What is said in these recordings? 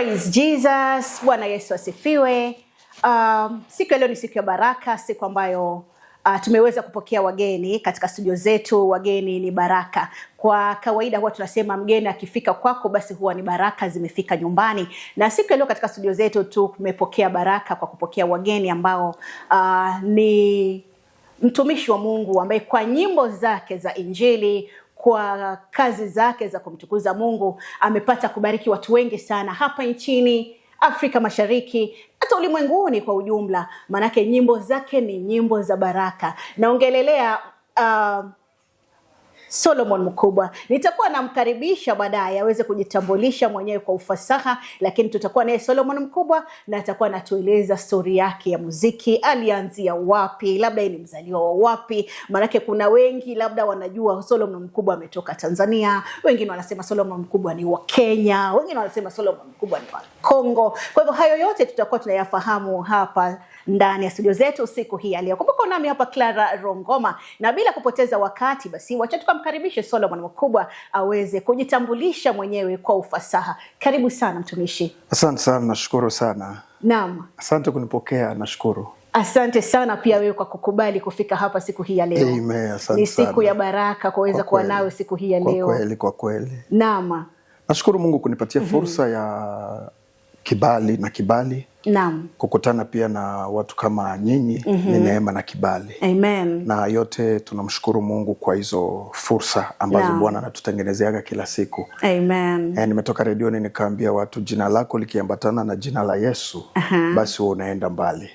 Praise Jesus. Bwana Yesu asifiwe. Um, siku ya leo ni siku ya baraka, siku ambayo uh, tumeweza kupokea wageni katika studio zetu. Wageni ni baraka. Kwa kawaida huwa tunasema mgeni akifika kwako basi huwa ni baraka zimefika nyumbani, na siku ya leo katika studio zetu tumepokea baraka kwa kupokea wageni ambao uh, ni mtumishi wa Mungu ambaye kwa nyimbo zake za Injili kwa kazi zake za kumtukuza Mungu. Amepata kubariki watu wengi sana hapa nchini Afrika Mashariki, hata ulimwenguni kwa ujumla, manake nyimbo zake ni nyimbo za baraka. Naongelelea uh, Solomon Mkubwa. Nitakuwa namkaribisha baadaye aweze kujitambulisha mwenyewe kwa ufasaha, lakini tutakuwa naye Solomon Mkubwa na atakuwa anatueleza stori yake ya muziki, alianzia wapi, labda ni mzaliwa wa wapi, maanake kuna wengi labda wanajua Solomon Mkubwa ametoka Tanzania, wengine wanasema Solomon Mkubwa ni wa Kenya, wengine wanasema Solomon Mkubwa ni wa Kongo. Kwa hivyo hayo yote tutakuwa tunayafahamu hapa ndani ya studio zetu siku hii ya leo. Kumbuka nami hapa Clara Rongoma, na bila kupoteza wakati, basi wacha tukamkaribishe Solomon Mkubwa aweze kujitambulisha mwenyewe kwa ufasaha. Karibu sana mtumishi. Asante sana, nashukuru sana. Naam, asante kunipokea, nashukuru. Asante sana pia wewe kwa kukubali kufika hapa siku hii ya leo. Amen, asante. Ni siku sana ya baraka kuweza kuwa nawe siku hii ya leo. Kwa kweli, kwa kweli. Naam. Nashukuru Mungu kunipatia mhm. fursa mm -hmm. ya kibali na kibali Naam. Kukutana pia na watu kama nyinyi mm -hmm. ni mhm. neema na kibali. Amen. Na yote tunamshukuru Mungu kwa hizo fursa ambazo Bwana anatutengenezeaga kila siku. Amen. E, nimetoka redioni nikaambia watu jina lako likiambatana na jina la Yesu uh -huh. basi wewe unaenda mbali.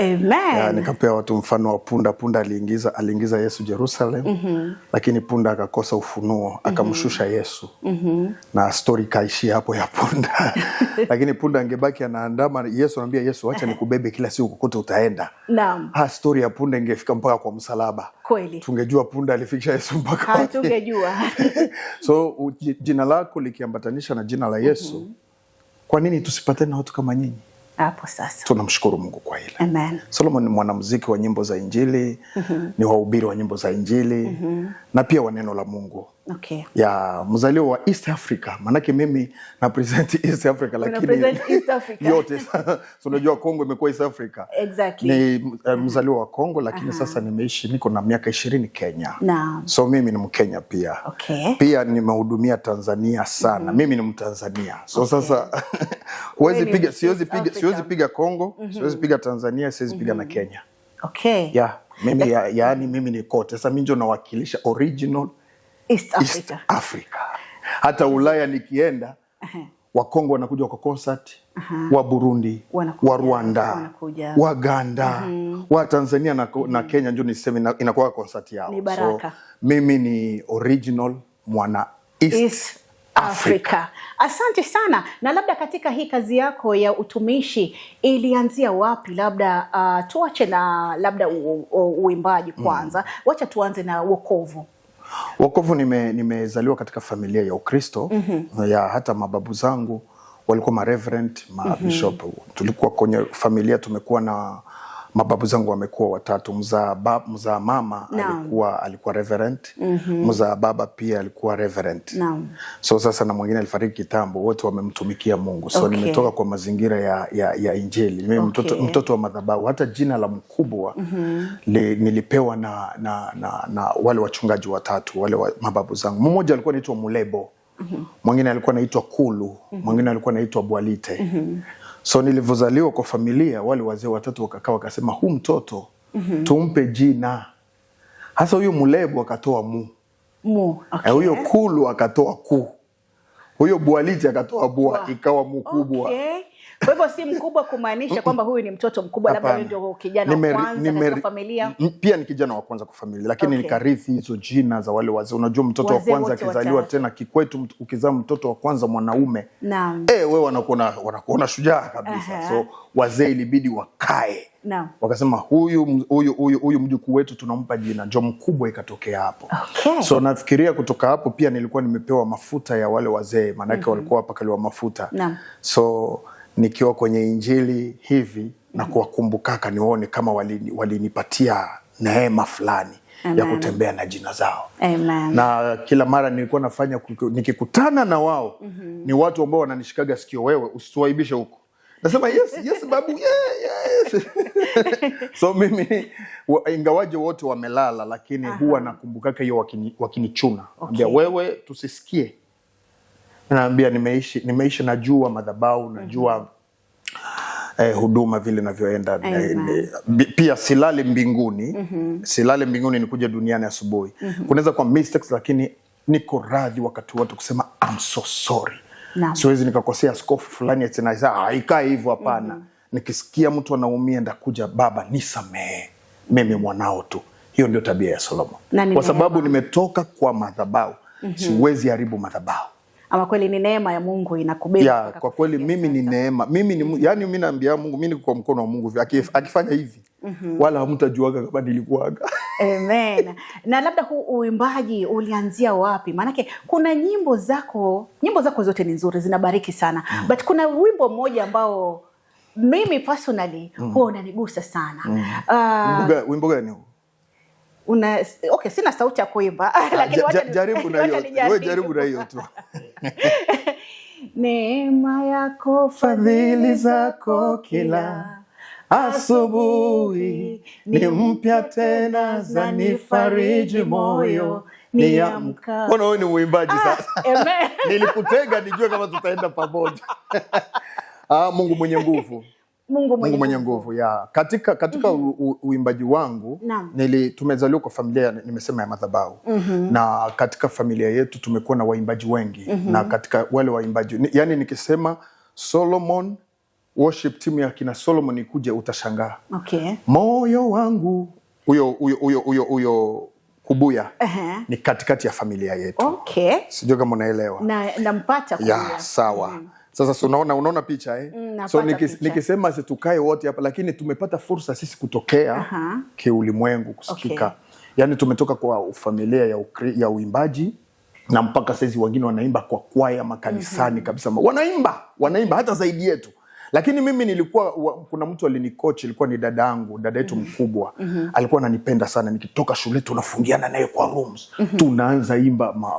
Amen. Ya, nikapea watu mfano wa punda. Punda aliingiza aliingiza Yesu Jerusalem mm -hmm. Lakini punda akakosa ufunuo akamshusha mm-hmm. Yesu mm -hmm. Na stori kaishia hapo ya punda lakini punda angebaki anaandama Yesu, anaambia Yesu, acha nikubebe kila siku kokote utaenda. Naam. Ha, stori ya punda ingefika mpaka kwa msalaba. Kweli. Tungejua punda alifikisha Yesu mpaka ha, tungejua so jina lako likiambatanisha na jina la Yesu mm -hmm. Kwa nini tusipatane na watu kama nyinyi? hapo sasa. Tunamshukuru Mungu kwa hilo. Amen. Solomon ni mwanamuziki wa nyimbo za Injili, mm -hmm. ni wahubiri wa nyimbo za Injili mm -hmm. na pia wa neno la Mungu. Okay. Ya mzaliwa wa East Africa, manake mimi na present East Africa lakini East Africa. yote so unajua Kongo imekuwa East Africa. Exactly. Ni eh, mzaliwa wa Kongo lakini uh -huh. Sasa nimeishi niko na miaka ishirini Kenya no. So mimi ni Mkenya pia okay. Pia nimehudumia Tanzania sana mm -hmm. Mimi ni Mtanzania so okay. Sasa huwezi piga siwezi piga siwezi piga Kongo mm -hmm. Siwezi piga Tanzania siwezi piga mm -hmm. na mhm. Kenya okay. Ya, mimi ya, yaani mimi ni kote sasa mimi ndio nawakilisha original East Africa. East Africa. Hata Ulaya nikienda Wakongo wanakuja kwa concert, wa Burundi wanakuja, wa Rwanda wanakuja, wa Uganda mhm. wa Tanzania na, na mhm. Kenya ndio niseme inakuwa concert yao. Ni baraka. So, mimi ni original mwana East, East Africa. Africa. Asante sana. Na labda katika hii kazi yako ya utumishi ilianzia wapi? Labda uh, tuache na labda uimbaji mm. kwanza. Mm. Wacha tuanze na wokovu. Wokovu, nime nimezaliwa katika familia ya Ukristo mm -hmm. ya hata mababu zangu walikuwa ma reverend ma mhm. bishop mm -hmm. tulikuwa kwenye familia tumekuwa na mababu zangu wamekuwa watatu. Mzaa bab, mzaa mama no. alikuwa alikuwa reverend mm -hmm. mzaa baba pia alikuwa reverend no. so sasa na mwingine alifariki kitambo, wote wamemtumikia Mungu so okay. nimetoka kwa mazingira ya, ya, ya Injili mimi okay. mtoto, mtoto wa madhabahu. Hata jina la mkubwa mm -hmm. li, nilipewa na, na, na, na wale wachungaji watatu wale wa, mababu zangu. Mmoja alikuwa anaitwa Mulebo mhm. mwingine mm -hmm. alikuwa anaitwa Kulu mhm. mwingine mm -hmm. alikuwa anaitwa Bwalite mm -hmm. So nilivyozaliwa kwa familia, wale wazee watatu wakakaa wakasema, huu mtoto mm -hmm. tumpe jina hasa. Huyo Mulebu akatoa mu, mu. Eh, okay. Huyo Kulu akatoa ku, huyo Bwaliti akatoa bua, ikawa Mukubwa. Okay. Kwa hivyo si mkubwa kumaanisha kwamba huyu ni mtoto mkubwa, labda ndio kijana wa kwanza katika familia. Pia ni kijana wa kwanza kwa familia, lakini okay, nikarithi hizo jina za wale wazee. Unajua mtoto wa kwanza akizaliwa tena kikwetu, ukizaa mtoto wa kwanza mwanaume eh, wewe wanakuona wanakuona shujaa kabisa. Aha. So wazee ilibidi wakae No. Wakasema huyu huyu huyu huyu mjukuu wetu tunampa jina ndio mkubwa, ikatokea hapo okay. So nafikiria kutoka hapo pia nilikuwa nimepewa mafuta ya wale wazee maanake, mm -hmm. walikuwa wapakaliwa mafuta Naam. So nikiwa kwenye Injili hivi na mhm. kuwakumbukaka, nione kama walinipatia wali neema fulani Amen. ya kutembea na jina zao Amen. na kila mara nilikuwa nafanya nikikutana na wao mm -hmm. ni watu ambao wananishikaga sikio, wewe usituaibishe huko Nasema yes, yes babu yeah, yes. So mimi ingawaje wote wamelala, lakini Aha. huwa nakumbukaka hiyo wakinichuna wakini ambia okay. Wewe tusisikie naambia nimeishi, nimeishi najua madhabahu mhm. najua mm -hmm. eh, huduma vile inavyoenda eh, pia silale mbinguni mm -hmm. silale mbinguni kuja duniani asubuhi mm -hmm. kunaweza kwa mistakes, lakini niko radhi wakati wote kusema I'm so sorry siwezi nikakosea skofu fulani ati na ah, hivyo hapana mm -hmm. nikisikia mtu anaumia ndakuja baba nisamehe mimi mwanao tu hiyo ndio tabia ya Salomo kwa sababu nimetoka kwa madhabahu mm -hmm. siwezi haribu madhabahu ama kweli ni neema ya Mungu inakubeba ya, kwa kweli mimi ni neema mimi ni, mm-hmm. yani mimi naambia Mungu mimi niko kwa mkono wa Mungu Akif, mm-hmm. akifanya hivi mm-hmm. wala hamtajuaga kama nilikuaga Amen. Na labda huu uimbaji ulianzia wapi? Maanake kuna nyimbo zako, nyimbo zako zote ni nzuri, zinabariki sana mm. but kuna wimbo mmoja ambao mimi personally mm. huwa unanigusa sana mm. uh, wimbo gani huu? una okay, sina sauti ya kuimba ah, jaribu na hiyo tu. Neema yako, fadhili zako, kila asubuhi ni mpya tena, fariji moyo ni Mbona wewe ni mwimbaji ah, sasa? Nilikutega nijue kama tutaenda pamoja. Ah, Mungu mwenye nguvu Mungu mwenye, Mungu mwenye nguvu ya katika, katika mm -hmm. uimbaji wangu nili, tumezaliwa kwa familia nimesema ya madhabahu mm -hmm. na katika familia yetu tumekuwa na waimbaji wengi mm -hmm. na katika wale waimbaji yani nikisema Solomon worship team ya kina Solomon ikuje utashangaa. Okay. Moyo wangu huyo huyo huyo huyo huyo Kubuya uh -huh. ni katikati ya familia yetu. Okay. Sijui kama unaelewa. Na nampata kwa. Ya, sawa. Mm -hmm. Sasa unaona, unaona picha eh? Mm, so nikisema niki situkae wote hapa lakini tumepata fursa sisi kutokea uh -huh. kiulimwengu kusikika okay. Yaani tumetoka kwa familia ya, ukri, ya uimbaji na mpaka saizi wengine wanaimba kwa kwaya makanisani mm -hmm. kabisa wanaimba wanaimba hata zaidi yetu lakini mimi nilikuwa wa, kuna mtu alinikochi, ilikuwa ni dada yangu, dada yetu mhm. mkubwa mm -hmm. alikuwa ananipenda sana. Nikitoka shule tunafungiana naye kwa rooms mm -hmm. tunaanza imba ma,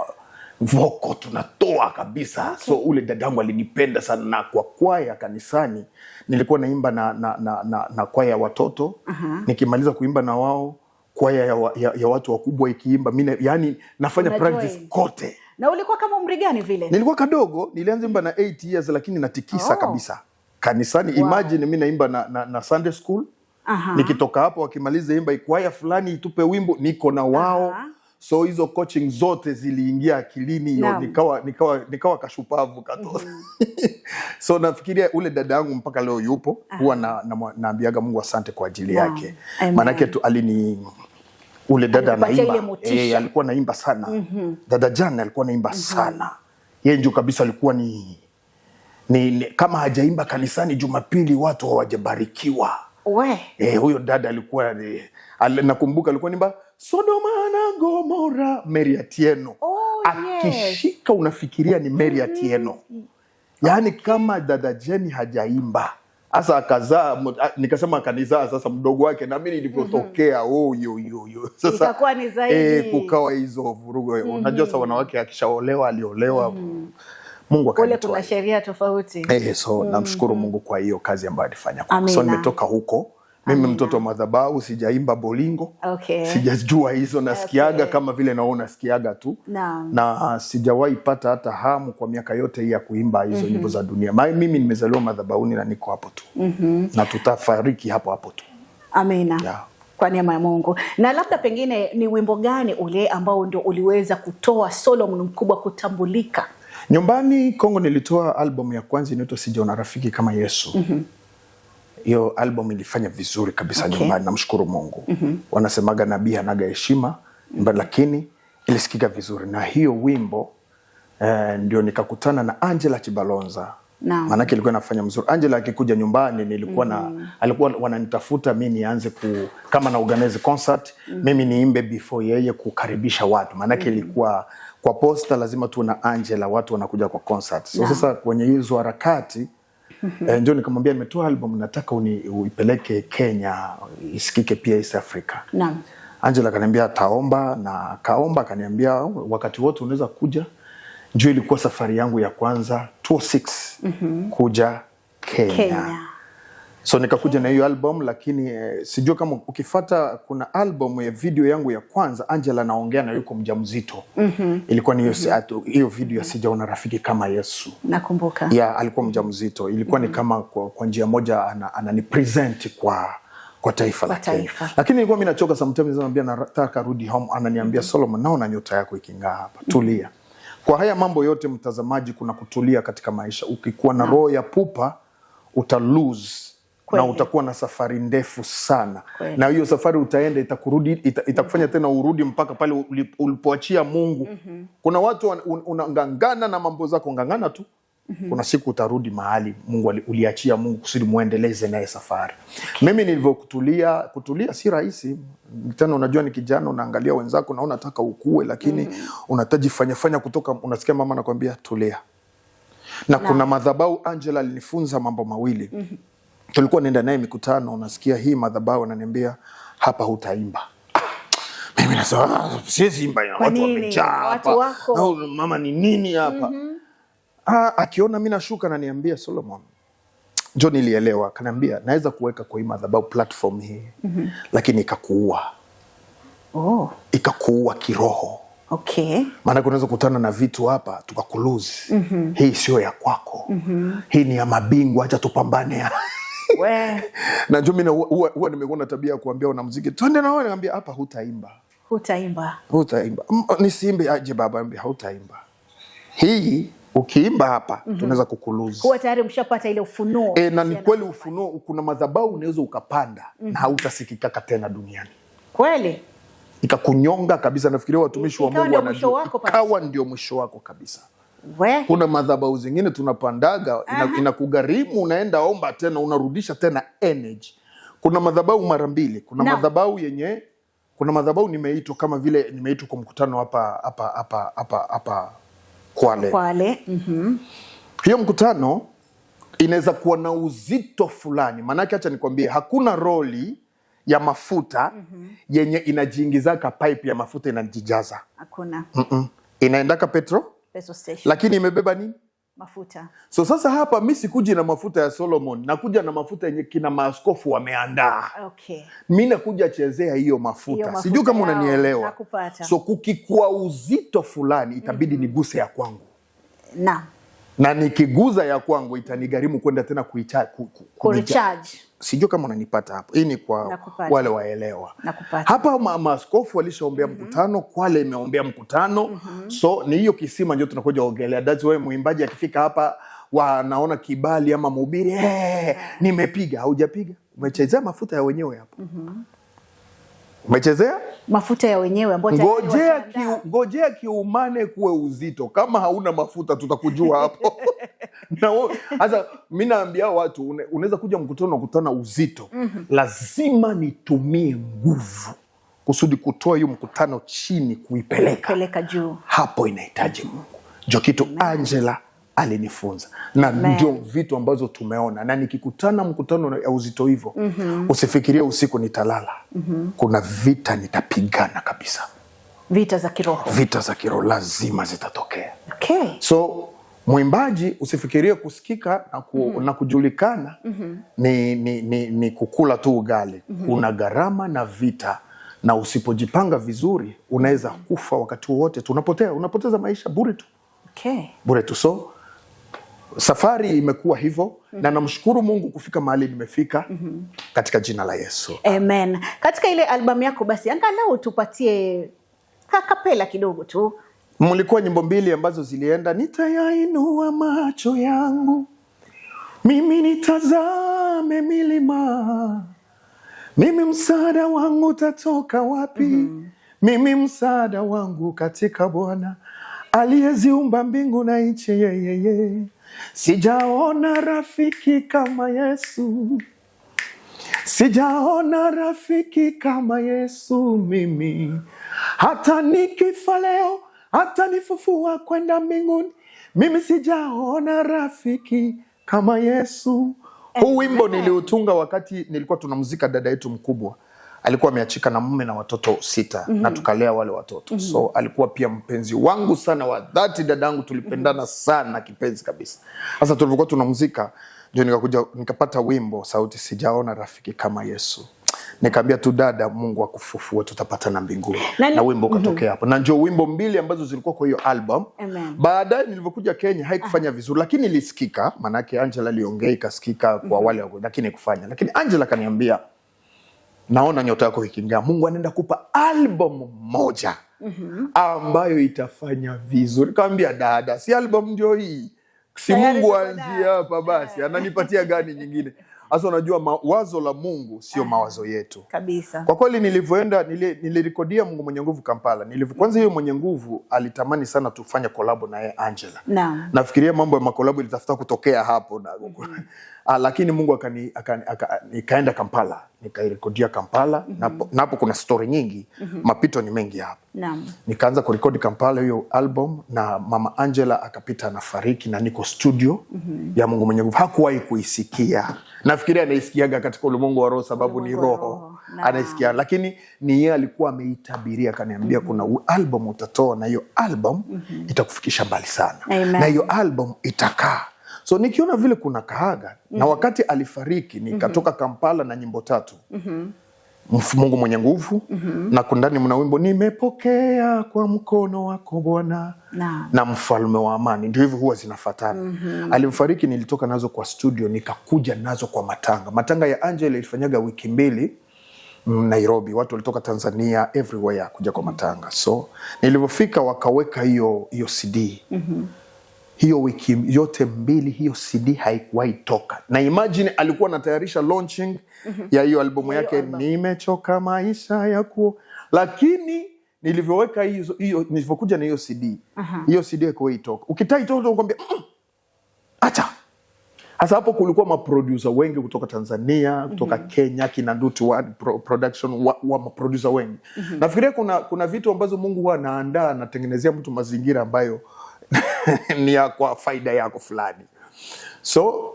voko tunatoa kabisa. Okay. So ule dadangu alinipenda sana, na kwa kwaya kanisani nilikuwa naimba na, na, na, na, na kwaya ya watoto uh -huh. Nikimaliza kuimba na wao kwaya ya, ya, ya watu wakubwa ikiimba mi yani nafanya practice kote. Na ulikuwa kama umri gani vile? Nilikuwa kadogo, nilianza imba na 8 years lakini natikisa oh. kabisa kanisani wow. Imagine mi naimba na, na, na Sunday school uh -huh. Nikitoka hapo wakimaliza imba ikwaya fulani itupe wimbo niko na wao uh -huh so hizo coaching zote ziliingia akilini hiyo, nikawa nikawa nikawa kashupavu katoa mm -hmm. so nafikiria ule dada yangu mpaka leo yupo -huh. Huwa ah. na, na, naambiaga Mungu asante kwa ajili yake maanake tu alini ule dada anaimba eh, alikuwa naimba sana mm -hmm. dada Jan alikuwa naimba mm -hmm. sana yeye ndio kabisa alikuwa ni, ni, ni kama hajaimba kanisani Jumapili watu hawajabarikiwa. We. Eh, huyo dada alikuwa eh, al, nakumbuka alikuwa nimba Sodoma na Gomora, Mary Atieno. Oh, akishika yes. Unafikiria ni Mary Atieno mm Yaani kama dada Jeni hajaimba sasa akazaa, nikasema akanizaa sasa mdogo wake, nami nilivyotokea mm-hmm. oh, sasa itakuwa ni zaidi eh, kukawa hizo vurugo mm -hmm. Unajua, sasa wanawake akishaolewa aliolewa mm -hmm. Mungu kule kuna sheria tofauti eh, so mm -hmm. Namshukuru mm-hmm. Mungu kwa hiyo kazi ambayo alifanya, so nimetoka huko mimi mtoto wa madhabahu, sijaimba bolingo okay. Sijajua hizo nasikiaga okay. Kama vile naona sikiaga tu na, na sijawahi pata hata hamu kwa miaka yote hii ya kuimba hizo mm -hmm. nyimbo mhm. za dunia. Mimi nimezaliwa madhabahuni na niko hapo tu mm -hmm. na tutafariki hapo hapo tu amina, yeah. Kwa neema ya Mungu. Na labda pengine ni wimbo gani ule ambao ndio uliweza kutoa solo Mkubwa kutambulika? Nyumbani Kongo nilitoa albamu ya kwanza inaitwa Sijaona rafiki kama Yesu mm -hmm hiyo album ilifanya vizuri kabisa okay. Nyumbani namshukuru Mungu mm -hmm. Wanasemaga nabii anaga heshima -hmm. lakini ilisikika vizuri na hiyo wimbo eh, ndio nikakutana na Angela Chibalonza no. Maanake ilikuwa nafanya mzuri. Angela akikuja nyumbani nilikuwa mm -hmm. na mhm. alikuwa wananitafuta mi nianze ku kama na organize concert mm -hmm. mimi niimbe before yeye kukaribisha watu maanake mm -hmm. kwa posta lazima tu na Angela, watu wanakuja kwa concert so no. Sasa kwenye hizo harakati -hmm. ndio nikamwambia nimetoa album nataka uipeleke Kenya isikike pia East Africa. Naam. Angela akaniambia ataomba na kaomba, akaniambia wakati wote unaweza kuja. Ndio ilikuwa safari yangu ya kwanza 2006 mm -hmm. kuja Kenya, Kenya. So nikakuja na hiyo album, lakini eh, sijua kama ukifata, kuna album ya video yangu ya kwanza Angela naongea na yuko mjamzito mm -hmm. ilikuwa ni hiyo mm -hmm. video ya sijaona rafiki kama Yesu nakumbuka, yeah, alikuwa mjamzito ilikuwa mm -hmm. ni mhm. kama kwa, kwa njia moja ananipresent ana kwa kwa taifa la Kenya. lakini nilikuwa mimi nachoka sometimes, naambia nataka rudi home, ananiambia mm -hmm. Solomon, naona nyota yako iking'aa hapa, tulia. Kwa haya mambo yote mtazamaji, kuna kutulia katika maisha. Ukikuwa na roho ya pupa uta lose Kwele. na utakuwa na safari ndefu sana Kwele. na hiyo safari utaenda itakurudi itakufanya ita, mm -hmm. tena urudi mpaka pale ulipoachia Mungu mm -hmm. kuna watu unangangana un, na mambo zako, ngangana tu mm -hmm. kuna siku utarudi mahali Mungu uliachia Mungu kusudi muendeleze naye safari okay. Mimi nilivyokutulia kutulia si rahisi tena, unajua ni kijana, unaangalia wenzako na unataka ukue, lakini mm -hmm. fanya fanya kutoka, unasikia mama anakuambia tulia na, na kuna madhabahu Angela alinifunza mambo mawili mm -hmm tulikuwa nenda naye mikutano, unasikia hii madhabahu ananiambia hapa hutaimba. Mimi nasema ah, siwezi imba, watu wamejaa hapa, mama ni nini hapa? mm -hmm. Ah, Akiona mi nashuka naniambia Solomon jo, nilielewa. Kanaambia naweza kuweka kwa hii madhabahu platform hii mm -hmm. lakini ikakuua oh. ikakuua kiroho Okay. Maanake unaweza kukutana na vitu hapa tukakuluzi. mm -hmm. Hii sio ya kwako. mm -hmm. Hii ni ya mabingwa, acha tupambane. na ndio mimi huwa, nimekuwa na tabia ya kuambia wanamziki twende na wao, niambia hapa hutaimba. Hutaimba. Hutaimba. Nisiimbe aje baba, ambia hutaimba. Hii ukiimba hapa mm -hmm. tunaweza kukuluzi. Huwa tayari mshapata ile ufunuo. E, na ni kweli ufunuo, kuna madhabahu unaweza ukapanda mm -hmm. na mhm. hautasikikaka tena duniani. Kweli? Ikakunyonga kabisa. Nafikiria watumishi wa Mungu wanajua. Ikawa ndio mwisho wako kabisa we. Kuna madhabahu zingine tunapandaga ina, inakugharimu unaenda omba tena unarudisha tena energy. Kuna madhabahu mara mbili, kuna madhabahu yenye kuna madhabahu nimeitwa kama vile nimeitwa kwa mkutano hapa hapa hapa hapa hapa Kwale, Kwale. Mm -hmm. Hiyo mkutano inaweza kuwa na uzito fulani, maanake acha nikwambie, hakuna roli ya mafuta mm -hmm. yenye inajiingizaka pipe ya mafuta inajijaza, hakuna mm -mm. inaendaka petro petrol station, lakini imebeba nini? Mafuta. So sasa hapa mi sikuji na mafuta ya Solomon, nakuja na mafuta yenye kina maaskofu wameandaa. Okay. Mi nakuja chezea hiyo mafuta, mafuta sijui kama unanielewa. So kukikua uzito fulani itabidi mm -hmm. niguse ya kwangu na na nikiguza ya kwangu itanigharimu kwenda tena kuicharge. Sijui kama unanipata hapo. Hii ni kwa wale waelewa hapa. Ma, maaskofu walishaombea mm -hmm. mkutano Kwale imeombea mkutano mm -hmm. so ni hiyo kisima ndio tunakuja ongelea. That's why mwimbaji akifika hapa wanaona kibali ama mhubiri hey, eh, nimepiga. Haujapiga, umechezea mafuta ya wenyewe hapo mm -hmm umechezea mafuta ya wenyewe ambayo ngojea, ki, ngojea kiumane kuwe uzito. Kama hauna mafuta tutakujua hapo. Sasa mi naambia watu unaweza kuja mkutano kutana uzito mm -hmm. Lazima nitumie nguvu kusudi kutoa hiyo mkutano chini kuipeleka juu, hapo inahitaji Mungu jo kitu Angela alinifunza na ndio vitu ambazo tumeona, na nikikutana mkutano ya uzito hivyo mm -hmm. Usifikirie usiku nitalala mm -hmm. Kuna vita nitapigana kabisa, vita za kiroho, vita za kiroho lazima zitatokea. Okay. So mwimbaji usifikirie kusikika na, ku, mm -hmm. na kujulikana mm -hmm. ni, ni, ni, ni kukula tu ugali mm -hmm. Kuna gharama na vita na usipojipanga vizuri unaweza kufa wakati wowote, unapotea, unapoteza maisha bure tu. Okay. Bure tu so safari imekuwa hivyo mm -hmm. na mhm. namshukuru Mungu kufika mahali nimefika mm -hmm. katika jina la Yesu Amen. Katika ile albamu yako basi, angalau tupatie kakapela kidogo tu. Mlikuwa nyimbo mbili ambazo zilienda, nitayainua macho yangu mimi nitazame milima, mimi msaada wangu utatoka wapi? mm -hmm. Mimi msaada wangu katika Bwana aliyeziumba mbingu na nchi, yeyeye Sijaona rafiki kama Yesu, sijaona rafiki kama Yesu mimi. Hata nikifa leo, hata nifufua kwenda mbinguni, mimi sijaona rafiki kama Yesu. Huu wimbo niliutunga wakati nilikuwa tunamzika dada yetu mkubwa, alikuwa ameachika na mume na watoto sita mm -hmm. na mhm. tukalea wale watoto mm -hmm. so alikuwa pia mpenzi wangu sana wa dhati, dadangu, tulipendana mm -hmm. sana kipenzi kabisa. Sasa tulivyokuwa tunamzika, ndio nikakuja nikapata wimbo sauti, sijaona rafiki kama Yesu nikaambia tu dada, Mungu akufufue, tutapatana mbinguni na, na wimbo mhm. ukatokea mm -hmm. hapo, na ndio wimbo mbili ambazo zilikuwa kwa hiyo album. Baadaye nilivyokuja Kenya haikufanya ah. vizuri, lakini ilisikika, maanake Angela aliongea mm. ikasikika kwa mm -hmm. wale, lakini haikufanya. Lakini Angela kaniambia naona nyota yako iking'aa, Mungu anaenda kupa album moja mhm. ambayo itafanya vizuri. Kaambia dada, si album ndio hii? Si Mungu anzie hapa basi, ananipatia gani nyingine? Hasa unajua, wazo la Mungu sio ah, mawazo yetu kabisa. Kwa kweli, nilivyoenda nilirikodia Mungu mwenye nguvu Kampala, nilivyo kwanza, hiyo mwenye nguvu alitamani sana tufanya kolabo na yeye Angela Naam. Nafikiria mambo ya makolabo ilitafuta kutokea hapo na, mhm. ah, lakini Mungu akani, akani, akani, akaenda Kampala nikairekodia Kampala mm -hmm. napo, napo kuna stori nyingi mm -hmm. mapito ni mengi hapo. Nikaanza kurekodi Kampala hiyo album, na mama Angela akapita anafariki, na niko studio mm -hmm. ya Mungu mwenye nguvu. Hakuwahi kuisikia, nafikiria anaisikiaga katika ulimwengu wa roho, sababu ni roho anaisikia, lakini ni yeye alikuwa ameitabiria, akaniambia mm -hmm. kuna album utatoa na hiyo album mm -hmm. itakufikisha mbali sana Amen. na hiyo album itakaa So nikiona vile kuna kaaga mm -hmm. na mhm. wakati alifariki nikatoka mhm. Kampala na nyimbo tatu mm -hmm. Mungu mwenye nguvu mm -hmm. na kundani mna wimbo nimepokea kwa mkono wako Bwana na, na mfalme wa amani, ndio hivyo huwa zinafatana mm -hmm. Alimfariki, nilitoka nazo kwa studio nikakuja nazo kwa matanga. Matanga ya Angel ilifanyaga wiki mbili mm, Nairobi, watu walitoka Tanzania everywhere kuja kwa matanga, so nilivyofika wakaweka hiyo hiyo CD mm -hmm hiyo wiki yote mbili hiyo CD haikuwahi toka, na imagine alikuwa anatayarisha launching mhm. ya hiyo albumu yake nimechoka maisha ya kuo, lakini nilivyoweka hiyo hiyo, nilivyokuja na hiyo CD uh -huh. hiyo CD haikuwahi toka. Ukitai toka ukwambia mm, mm, acha hasa hapo kulikuwa maprodusa wengi kutoka Tanzania kutoka mm -hmm. Kenya kina Ndutu wa production wa, wa maprodusa wengi mm -hmm. Nafikiria kuna, kuna vitu ambazo Mungu huwa anaandaa anatengenezea mtu mazingira ambayo ni ya kwa faida yako fulani. So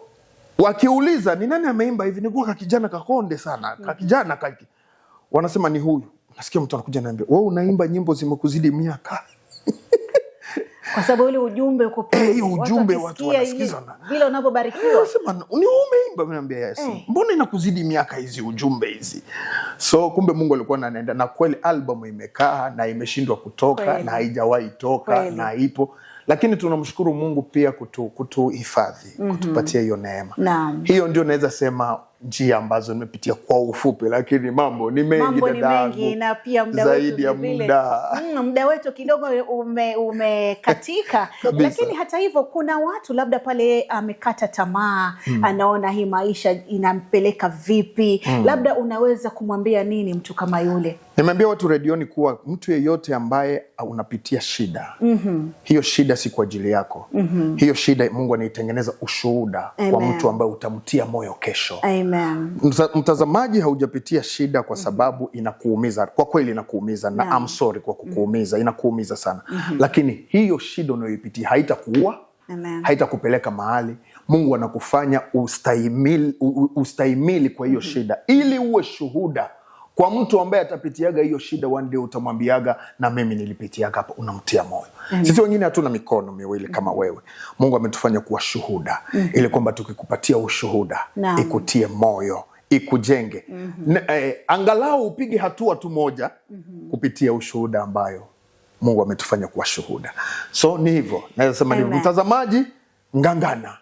wakiuliza ni nani ameimba hivi, nikuwa kakijana kakonde sana mm-hmm. kakijana kaki, wanasema ni huyu. Nasikia mtu anakuja naambia, wewe unaimba nyimbo zimekuzidi miaka kwa sababu ule ujumbe uko eh, pale, hey, ujumbe watu wanasikiza na vile unavyobarikiwa, sema ni umeimba. Mimi yes, hey, eh. mbona inakuzidi miaka hizi ujumbe hizi? So kumbe Mungu alikuwa anaenda na kweli, album imekaa na imeshindwa kutoka kweli, na haijawahi toka kweli, na ipo lakini tunamshukuru Mungu pia kutuhifadhi kutu mm -hmm. kutupatia hiyo neema. Naam. Hiyo ndio naweza sema njia ambazo nimepitia kwa ufupi, lakini mambo ni mengi, mambo ni mengi na pia muda zaidi ya muda mm, muda wetu kidogo umekatika ume lakini hata hivyo kuna watu labda pale amekata tamaa mm, anaona hii maisha inampeleka vipi mm, labda unaweza kumwambia nini mtu kama yule? Nimeambia watu redioni kuwa mtu yeyote ambaye unapitia shida mm -hmm. hiyo shida si kwa ajili yako mm -hmm. hiyo shida Mungu anaitengeneza ushuhuda kwa mtu ambaye utamtia moyo kesho Amen. Mtazamaji, haujapitia shida kwa mhm. sababu inakuumiza kwa kweli, inakuumiza na Amen. I'm sorry kwa kukuumiza, mhm. inakuumiza sana mm -hmm. Lakini hiyo shida unayoipitia haitakuua, haitakupeleka mahali. Mungu anakufanya ustahimili, ustahimili kwa hiyo mm -hmm. shida ili uwe shuhuda kwa mtu ambaye atapitiaga hiyo shida one day, utamwambiaga na mimi nilipitiaga hapa, unamtia moyo. mm -hmm. Sisi wengine hatuna mikono miwili kama wewe. Mungu ametufanya kuwa shuhuda mm -hmm. ili kwamba tukikupatia ushuhuda ikutie moyo ikujenge mm -hmm. eh, angalau upige hatua tu moja mm -hmm. kupitia ushuhuda ambayo Mungu ametufanya kuwa shuhuda. So ni hivyo, naweza sema ni mtazamaji ngangana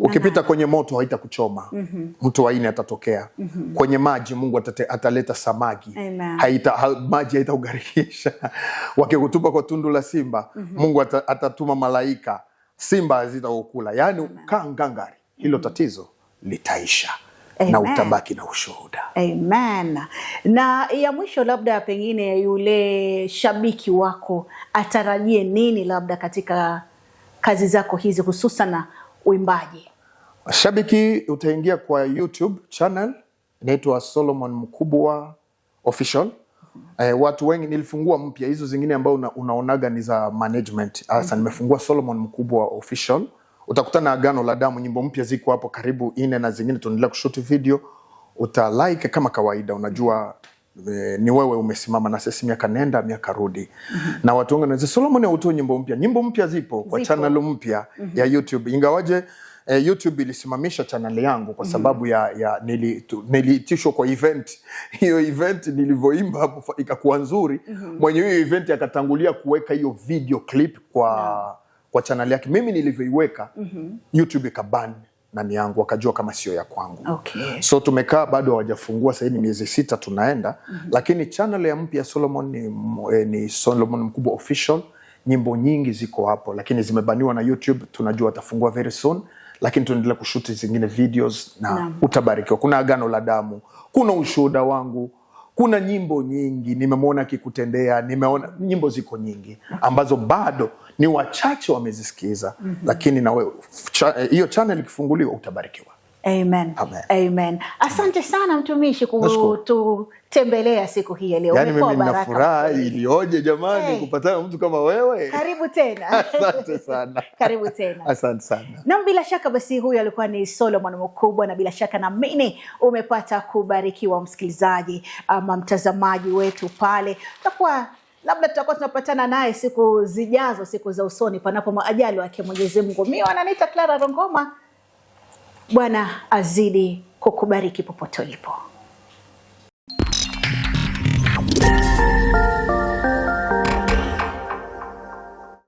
Ukipita kwenye moto haitakuchoma, mhm. mtu mm -hmm. waine atatokea mm -hmm. kwenye maji Mungu atate, ataleta samaki haita, ha, maji haitaugharikisha wakikutupa kwa tundu la simba mm -hmm. Mungu at, atatuma malaika, simba hazitaukula. Yaani ukaa ngangari, hilo mhm. tatizo litaisha. Amen. Na utabaki na ushuhuda. Amen. Na ya mwisho labda pengine yule shabiki wako atarajie nini labda katika kazi zako hizi hususan uimbaji? Shabiki, utaingia kwa YouTube channel inaitwa Solomon Mkubwa Official. Eh, watu wengi nilifungua mpya hizo zingine ambao una, unaonaga ni za management. Sasa mhm. nimefungua Solomon Mkubwa Official. Utakutana Agano la Damu, nyimbo mpya ziko hapo karibu ine na zingine tunaendelea kushoot video. Uta like kama kawaida, unajua The, ni wewe umesimama na sisi miaka nenda miaka rudi. mm -hmm. Na watu wengi wanasema Solomon hautoe nyimbo mpya. Nyimbo mpya zipo kwa channel mpya mm -hmm. ya mhm. YouTube ingawaje eh, YouTube ilisimamisha channel yangu kwa mhm. sababu mm -hmm. ya, ya niliitishwa kwa event hiyo event nilivyoimba ikakuwa nzuri mm -hmm. mwenye hiyo event akatangulia kuweka hiyo video clip kwa, yeah. kwa channel yake mimi nilivyoiweka mm -hmm. YouTube ikaban nani yangu wakajua kama sio ya kwangu. Okay. So tumekaa bado hawajafungua, sasa ni miezi sita tunaenda. mm -hmm. Lakini channel ya mpya Solomon ni, eh, ni Solomon Mkubwa Official. Nyimbo nyingi ziko hapo, lakini zimebaniwa na YouTube. Tunajua watafungua very soon, lakini tunaendelea kushuti zingine videos na Naam. Utabarikiwa. Kuna agano la damu, kuna ushuhuda wangu, kuna nyimbo nyingi nimemwona akikutendea, nimeona nyimbo ziko nyingi ambazo bado ni wachache wamezisikiza mm -hmm. Lakini na wewe eh, hiyo cha, channel ikifunguliwa utabarikiwa. Amen. Amen. Amen. Asante sana mtumishi kututembelea siku hii ya leo. Yaani mimi nina furaha ilioje jamani, hey, kupatana mtu kama wewe. Karibu tena. Asante sana. Karibu tena. Asante sana. Na bila shaka basi huyu alikuwa ni Solomon Mkubwa na bila shaka mimi umepata kubarikiwa msikilizaji ama mtazamaji wetu pale. Tutakuwa labda tutakuwa tunapatana naye siku zijazo, siku za usoni, panapo maajali wake Mwenyezi Mungu. Mimi wananiita Clara Rongoma. Bwana azidi kukubariki popote ulipo.